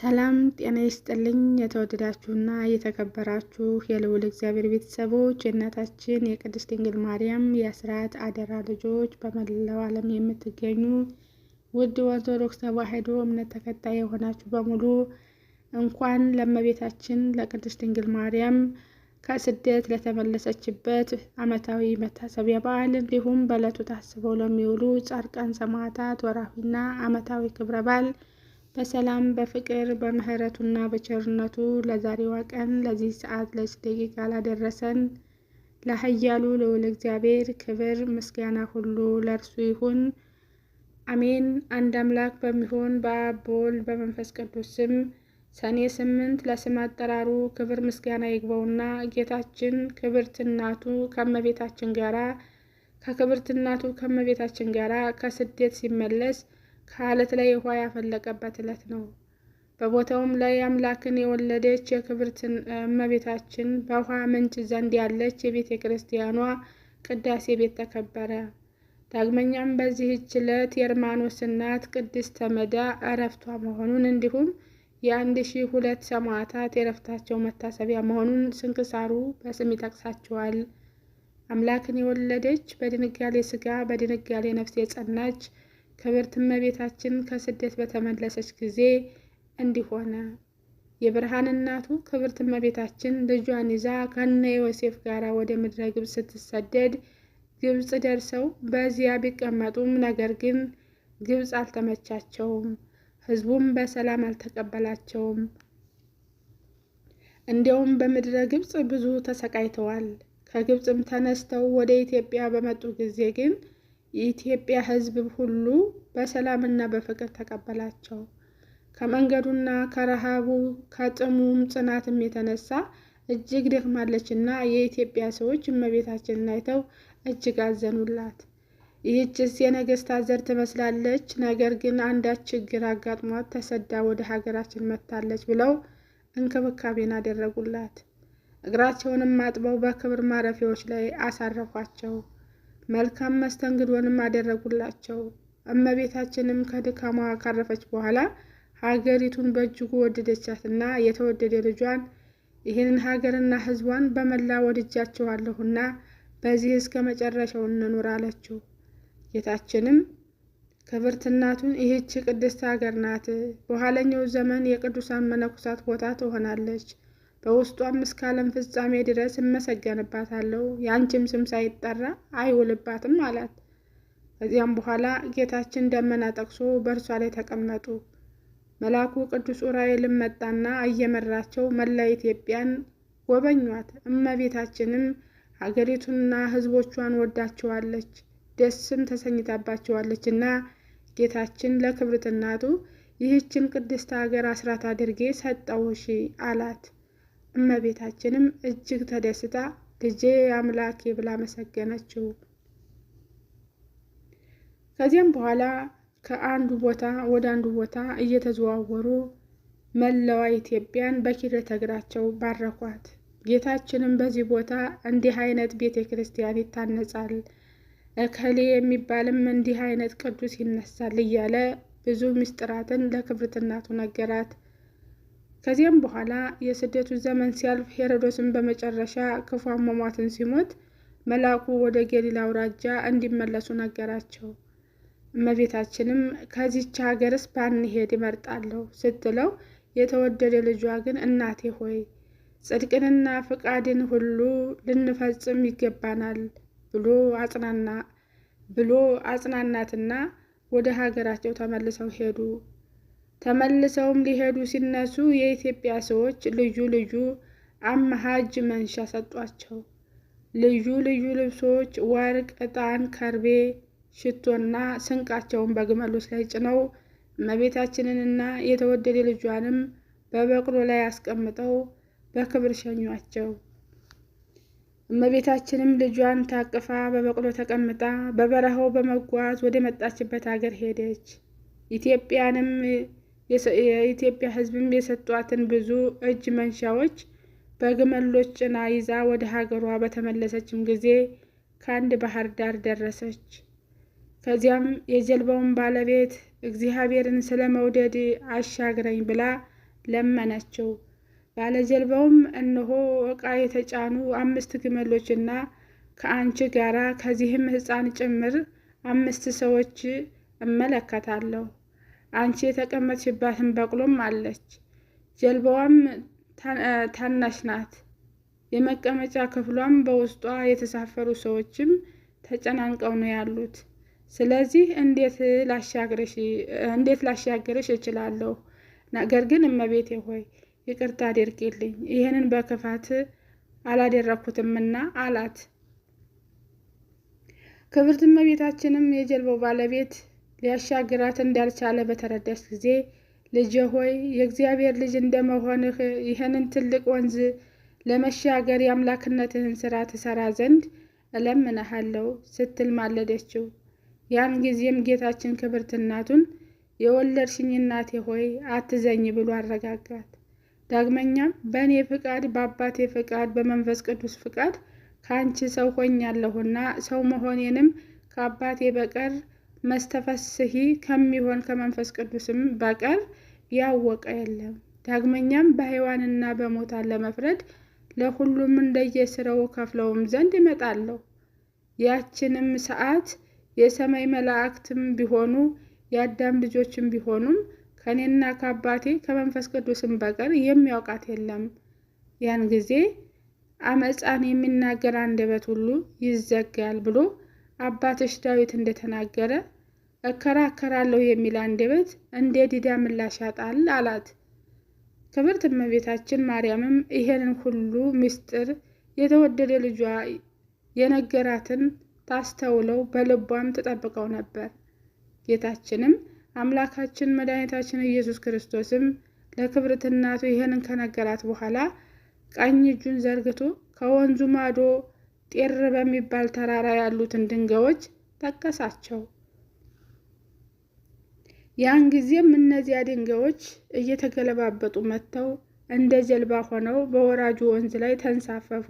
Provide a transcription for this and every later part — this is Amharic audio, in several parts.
ሰላም ጤና ይስጥልኝ። የተወደዳችሁና የተከበራችሁ የልዑል እግዚአብሔር ቤተሰቦች የእናታችን የቅድስት ድንግል ማርያም የአስራት አደራ ልጆች፣ በመላው ዓለም የምትገኙ ውድ ኦርቶዶክስ ተዋሕዶ እምነት ተከታይ የሆናችሁ በሙሉ እንኳን ለእመቤታችን ለቅድስት ድንግል ማርያም ከስደት ለተመለሰችበት ዓመታዊ መታሰቢያ በዓል እንዲሁም በዕለቱ ታስበው ለሚውሉ ጻድቃን ሰማዕታት ወራፊና ዓመታዊ ክብረ በዓል በሰላም በፍቅር በምህረቱና በቸርነቱ ለዛሬዋ ቀን ለዚህ ሰዓት ለዚህ ደቂቃ ላደረሰን ለሀያሉ ልዑል እግዚአብሔር ክብር ምስጋና ሁሉ ለእርሱ ይሁን፣ አሜን። አንድ አምላክ በሚሆን በአብ በወልድ በመንፈስ ቅዱስ ስም ሰኔ ስምንት ለስም አጠራሩ ክብር ምስጋና ይግባውና ጌታችን ክብርት እናቱ ከመቤታችን ጋራ ከክብርት እናቱ ከመቤታችን ጋራ ከስደት ሲመለስ ከአለት ላይ ውኃ ያፈለቀበት ዕለት ነው። በቦታውም ላይ አምላክን የወለደች የክብርት እመቤታችን በውኃ ምንጭ ዘንድ ያለች የቤተ ክርስቲያኗ ቅዳሴ ቤት ተከበረ። ዳግመኛም በዚህች ዕለት የእርማኖስ እናት ቅድስት ተመዳ እረፍቷ መሆኑን እንዲሁም የአንድ ሺ ሁለት ሰማዕታት የእረፍታቸው መታሰቢያ መሆኑን ስንክሳሩ በስም ይጠቅሳቸዋል። አምላክን የወለደች በድንጋሌ ስጋ በድንጋሌ ነፍስ የጸናች ክብርት እመቤታችን ከስደት በተመለሰች ጊዜ እንዲሆነ የብርሃን እናቱ ክብርት እመቤታችን ልጇን ይዛ ከነ ዮሴፍ ጋር ወደ ምድረ ግብፅ ስትሰደድ ግብፅ ደርሰው በዚያ ቢቀመጡም ነገር ግን ግብፅ አልተመቻቸውም። ህዝቡም በሰላም አልተቀበላቸውም። እንዲያውም በምድረ ግብፅ ብዙ ተሰቃይተዋል። ከግብፅም ተነስተው ወደ ኢትዮጵያ በመጡ ጊዜ ግን የኢትዮጵያ ሕዝብ ሁሉ በሰላምና በፍቅር ተቀበላቸው። ከመንገዱና ከረሃቡ ከጥሙም ጽናትም የተነሳ እጅግ ደክማለች እና የኢትዮጵያ ሰዎች እመቤታችንን አይተው እጅግ አዘኑላት። ይህችስ የነገስታት ዘር ትመስላለች፣ ነገር ግን አንዳች ችግር አጋጥሟት ተሰዳ ወደ ሀገራችን መጥታለች ብለው እንክብካቤን አደረጉላት። እግራቸውንም አጥበው በክብር ማረፊያዎች ላይ አሳረፏቸው። መልካም መስተንግዶንም አደረጉላቸው። እመቤታችንም ከድካማ ካረፈች በኋላ ሀገሪቱን በእጅጉ ወደደቻትና የተወደደ ልጇን ይህንን ሀገርና ሕዝቧን በመላ ወድጃቸዋለሁና በዚህ እስከ መጨረሻው እንኑር አለችው። ጌታችንም ክብርት እናቱን ይህች ቅድስት ሀገር ናት፣ በኋለኛው ዘመን የቅዱሳን መነኮሳት ቦታ ትሆናለች በውስጧም እስከ ዓለም ፍጻሜ ድረስ እመሰገንባታለሁ፣ የአንቺም ስም ሳይጠራ አይውልባትም አላት። ከዚያም በኋላ ጌታችን ደመና ጠቅሶ በእርሷ ላይ ተቀመጡ። መልአኩ ቅዱስ ዑራኤልም መጣና እየመራቸው መላ ኢትዮጵያን ጎበኟት። እመቤታችንም ሀገሪቱንና ሕዝቦቿን ወዳቸዋለች፣ ደስም ተሰኝታባቸዋለች እና ጌታችን ለክብርት እናቱ ይህችን ቅድስት ሀገር አስራት አድርጌ ሰጠውሽ አላት። እመቤታችንም እጅግ ተደስታ ልጄ አምላኬ ብላ መሰገነችው። ከዚያም በኋላ ከአንዱ ቦታ ወደ አንዱ ቦታ እየተዘዋወሩ መለዋ ኢትዮጵያን በኪርተ እግራቸው ባረኳት። ጌታችንም በዚህ ቦታ እንዲህ አይነት ቤተ ክርስቲያን ይታነጻል፣ እከሌ የሚባልም እንዲህ አይነት ቅዱስ ይነሳል እያለ ብዙ ምስጢራትን ለክብርት እናቱ ነገራት። ከዚያም በኋላ የስደቱ ዘመን ሲያልፍ ሄሮዶስን በመጨረሻ ክፉ አሟሟትን ሲሞት መልአኩ ወደ ገሊላ አውራጃ እንዲመለሱ ነገራቸው። እመቤታችንም ከዚች ሀገርስ ባንሄድ ይመርጣለሁ ስትለው የተወደደ ልጇ ግን እናቴ ሆይ ጽድቅንና ፍቃድን ሁሉ ልንፈጽም ይገባናል ብሎ አጽናና ብሎ አጽናናትና ወደ ሀገራቸው ተመልሰው ሄዱ። ተመልሰውም ሊሄዱ ሲነሱ የኢትዮጵያ ሰዎች ልዩ ልዩ አማሃጅ መንሻ ሰጧቸው። ልዩ ልዩ ልብሶች፣ ወርቅ፣ ዕጣን፣ ከርቤ፣ ሽቶና ስንቃቸውን በግመሎች ላይ ጭነው እመቤታችንንና የተወደደ ልጇንም በበቅሎ ላይ አስቀምጠው በክብር ሸኟቸው። እመቤታችንም ልጇን ታቅፋ በበቅሎ ተቀምጣ በበረሃው በመጓዝ ወደ መጣችበት ሀገር ሄደች። ኢትዮጵያንም የኢትዮጵያ ህዝብም የሰጧትን ብዙ እጅ መንሻዎች በግመሎች ጭና ይዛ ወደ ሀገሯ በተመለሰችም ጊዜ ከአንድ ባህር ዳር ደረሰች። ከዚያም የጀልባውን ባለቤት እግዚአብሔርን ስለ መውደድ አሻግረኝ ብላ ለመነችው። ባለጀልባውም እነሆ ዕቃ የተጫኑ አምስት ግመሎችና ከአንቺ ጋራ ከዚህም ሕፃን ጭምር አምስት ሰዎች እመለከታለሁ አንቺ የተቀመጥሽባትን በቅሎም አለች። ጀልባዋም ታናሽ ናት። የመቀመጫ ክፍሏም በውስጧ የተሳፈሩ ሰዎችም ተጨናንቀው ነው ያሉት። ስለዚህ እንዴት ላሻገረሽ እችላለሁ? ነገር ግን እመቤቴ ሆይ ይቅርታ አድርጊልኝ፣ ይህንን በክፋት አላደረግኩትምና አላት። ክብርት እመቤታችንም የጀልባው ባለቤት ሊያሻግራት እንዳልቻለ በተረዳች ጊዜ ልጅ ሆይ የእግዚአብሔር ልጅ እንደመሆንህ ይህንን ትልቅ ወንዝ ለመሻገር የአምላክነትህን ሥራ ትሠራ ዘንድ እለምንሃለሁ ስትል ማለደችው። ያን ጊዜም ጌታችን ክብርት እናቱን የወለድሽኝ እናቴ ሆይ አትዘኝ ብሎ አረጋጋት። ዳግመኛም በእኔ ፍቃድ፣ በአባቴ ፍቃድ፣ በመንፈስ ቅዱስ ፍቃድ ከአንቺ ሰው ሆኛለሁና ሰው መሆኔንም ከአባቴ በቀር መስተፈስሂ ከሚሆን ከመንፈስ ቅዱስም በቀር ያወቀ የለም። ዳግመኛም በሕይዋንና በሙታን ለመፍረድ ለሁሉም እንደየስራው ከፍለውም ዘንድ ይመጣለሁ። ያችንም ሰዓት የሰማይ መላእክትም ቢሆኑ የአዳም ልጆችም ቢሆኑም ከእኔና ከአባቴ ከመንፈስ ቅዱስም በቀር የሚያውቃት የለም። ያን ጊዜ አመፃን የሚናገር አንደበት ሁሉ ይዘጋል ብሎ አባትሽ ዳዊት እንደተናገረ እከራከራለሁ የሚል አንደበት እንደ ዲዳ ምላሽ ያጣል አላት። ክብርት እመቤታችን ማርያምም ይሄንን ሁሉ ምስጢር የተወደደ ልጇ የነገራትን ታስተውለው በልቧም ትጠብቀው ነበር። ጌታችንም አምላካችን መድኃኒታችን ኢየሱስ ክርስቶስም ለክብርት እናቱ ይህንን ከነገራት በኋላ ቀኝ እጁን ዘርግቶ ከወንዙ ማዶ ጤር በሚባል ተራራ ያሉትን ድንጋዮች ጠቀሳቸው። ያን ጊዜም እነዚያ ድንጋዮች እየተገለባበጡ መጥተው እንደ ጀልባ ሆነው በወራጁ ወንዝ ላይ ተንሳፈፉ።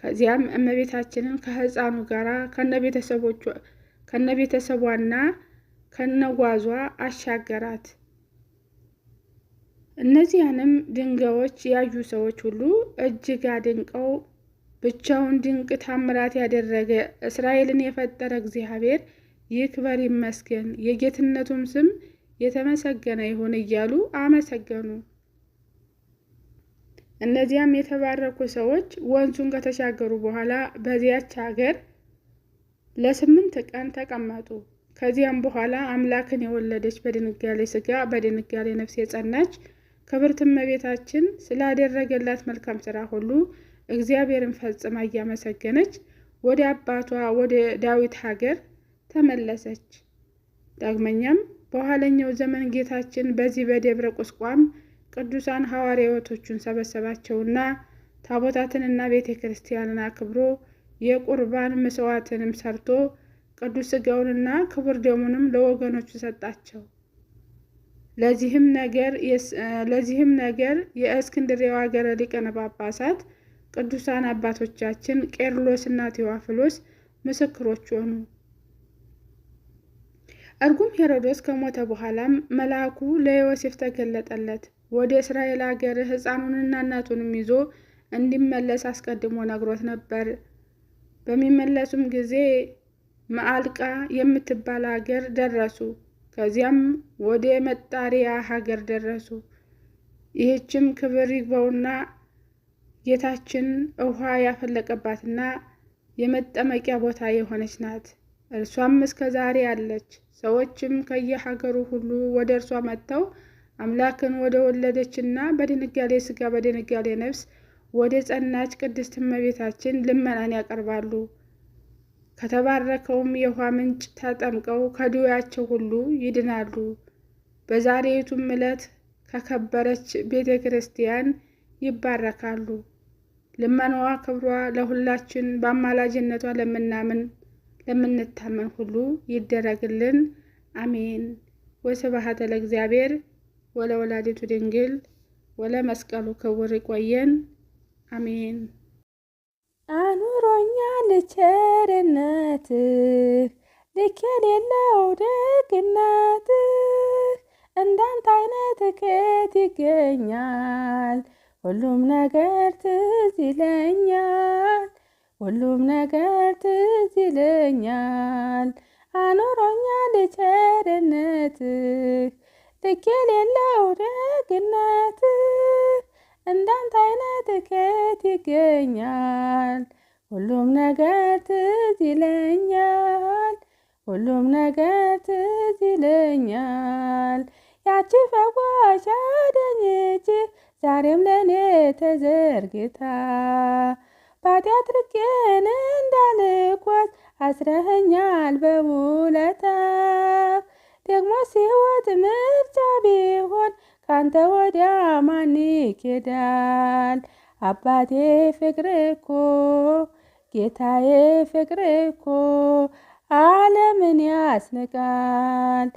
ከዚያም እመቤታችንን ከሕፃኑ ጋር ከነቤተሰቧና ከነጓዟ አሻገራት። እነዚያንም ድንጋዮች ያዩ ሰዎች ሁሉ እጅግ አድንቀው ብቻውን ድንቅ ታምራት ያደረገ እስራኤልን የፈጠረ እግዚአብሔር ይክበር ይመስገን የጌትነቱም ስም የተመሰገነ ይሁን እያሉ አመሰገኑ። እነዚያም የተባረኩ ሰዎች ወንዙን ከተሻገሩ በኋላ በዚያች ሀገር ለስምንት ቀን ተቀመጡ። ከዚያም በኋላ አምላክን የወለደች በድንጋሌ ስጋ በድንጋሌ ነፍስ የጸናች ክብርት እመቤታችን ስላደረገላት መልካም ስራ ሁሉ እግዚአብሔርን ፈጽማ እያመሰገነች ወደ አባቷ ወደ ዳዊት ሀገር ተመለሰች። ዳግመኛም በኋለኛው ዘመን ጌታችን በዚህ በደብረ ቁስቋም ቅዱሳን ሐዋርያዎቶቹን ሰበሰባቸውና ታቦታትንና ቤተ ክርስቲያንን አክብሮ የቁርባን ምስዋዕትንም ሰርቶ ቅዱስ ሥጋውንና ክቡር ደሙንም ለወገኖቹ ሰጣቸው። ለዚህም ነገር የእስክንድሬው ሀገረ ሊቀነ ጳጳሳት ቅዱሳን አባቶቻችን ቄርሎስና ቴዋፍሎስ ምስክሮች ሆኑ። እርጉም ሄሮዶስ ከሞተ በኋላም መልአኩ ለዮሴፍ ተገለጠለት። ወደ እስራኤል አገር ሕፃኑንና እናቱንም ይዞ እንዲመለስ አስቀድሞ ነግሮት ነበር። በሚመለሱም ጊዜ መአልቃ የምትባል አገር ደረሱ። ከዚያም ወደ መጣሪያ ሀገር ደረሱ። ይህችም ክብር ይግባውና ጌታችን ውሃ ያፈለቀባትና የመጠመቂያ ቦታ የሆነች ናት። እርሷም እስከ ዛሬ አለች። ሰዎችም ከየሀገሩ ሁሉ ወደ እርሷ መጥተው አምላክን ወደ እና በድንጋሌ ስጋ በድንጋሌ ነፍስ ወደ ጸናች ቅድስት እመቤታችን ልመናን ያቀርባሉ። ከተባረከውም የውሃ ምንጭ ተጠምቀው ከድውያቸው ሁሉ ይድናሉ። በዛሬቱም ዕለት ከከበረች ቤተ ክርስቲያን ይባረካሉ። ልመናዋ ክብሯ ለሁላችን በአማላጅነቷ ለምናምን ለምንታመን ሁሉ ይደረግልን፣ አሜን። ወስብሐት ለእግዚአብሔር ወለወላዲቱ ድንግል ወለመስቀሉ ክቡር። ይቆየን፣ አሜን። አኑሮኛል ቸርነትህ ልክ የሌለው ደግነትህ እንዳንተ አይነት ከየት ይገኛል? ሁሉም ነገር ትዝ ይለኛል። ሁሉም ነገር ትዝ ይለኛል። አኖሮኛል ቸርነትህ ልክ የሌለው ደግነትህ እንዳንተ አይነት ከየት ይገኛል? ሁሉም ነገር ትዝ ይለኛል። ሁሉም ነገር ትዝ ይለኛል። ያቺ ፈዋሽ አዳኝች ዛሬም ለእኔ ተዘርግታ ባቴ አትርቄን እንዳልኳት አስረኸኛል በውለታህ። ደግሞ ሲወት ምርጫ ቢሆን ካንተ ወዲያ ማን ይኬዳል? አባቴ ፍቅር እኮ ጌታዬ ፍቅር እኮ ዓለምን ያስንቃል።